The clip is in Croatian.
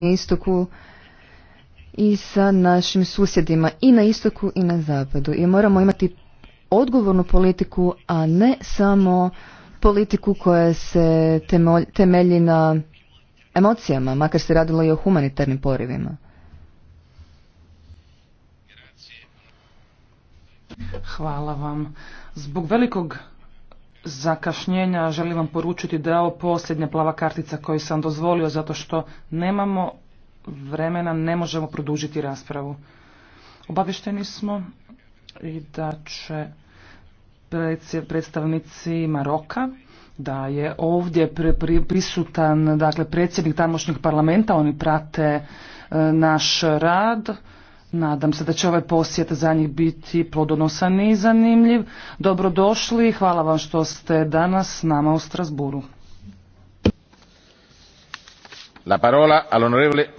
istoku i sa našim susjedima i na istoku i na zapadu. I moramo imati odgovornu politiku, a ne samo politiku koja se temelji na emocijama, makar se radilo i o humanitarnim porivima. Hvala vam. Zbog velikog zakašnjenja želim vam poručiti da je ovo posljednja plava kartica koju sam dozvolio zato što nemamo vremena, ne možemo produžiti raspravu. Obavišteni smo i da će predstavnici Maroka da je ovdje prisutan dakle predsjednik tamošnjeg parlamenta, oni prate e, naš rad. Nadam se da će ovaj posjet za njih biti plodonosan i zanimljiv. Dobrodošli i hvala vam što ste danas s nama u Strasburu. parola